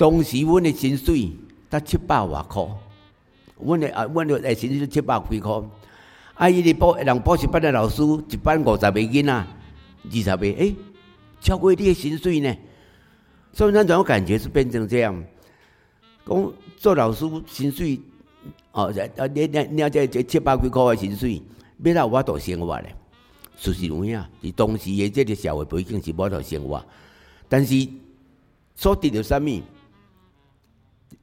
當時阮嘅薪水得七百外塊，阮嘅啊，阮就誒，薪水七百幾塊。伊，你報一人補習班嘅老師，一百五十個囡仔，二十個，誒，超過你嘅薪水呢？所以，咱種感覺是變成這樣，講做老師薪水，哦，啊，你你你要這這七百幾塊嘅薪水，未啦有法度生活咧，事實有影啊。在當時嘅這個社會背景是無法度生活，但是所得到什麼？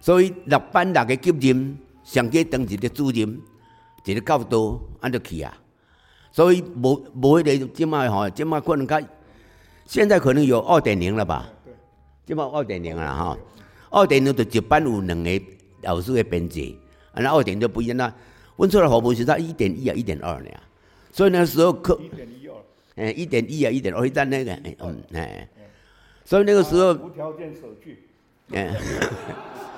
所以六班六個級任上街董事的主任，就係夠多，我、啊、就去啊。所以冇冇呢個咁啊？嗬，咁啊，可能佢，現在可能有二點零了吧？咁啊，二點零了嗬，對二點零就值班有兩個老師嘅編制，那二點就不一樣啦。問出來好唔是其實一點一啊，一點二呢。所以那時候可一點一、二，誒，一點一啊，一點二，但係咧，嗯，誒，所以那個時候，個時候、啊、無條件捨去，誒、欸。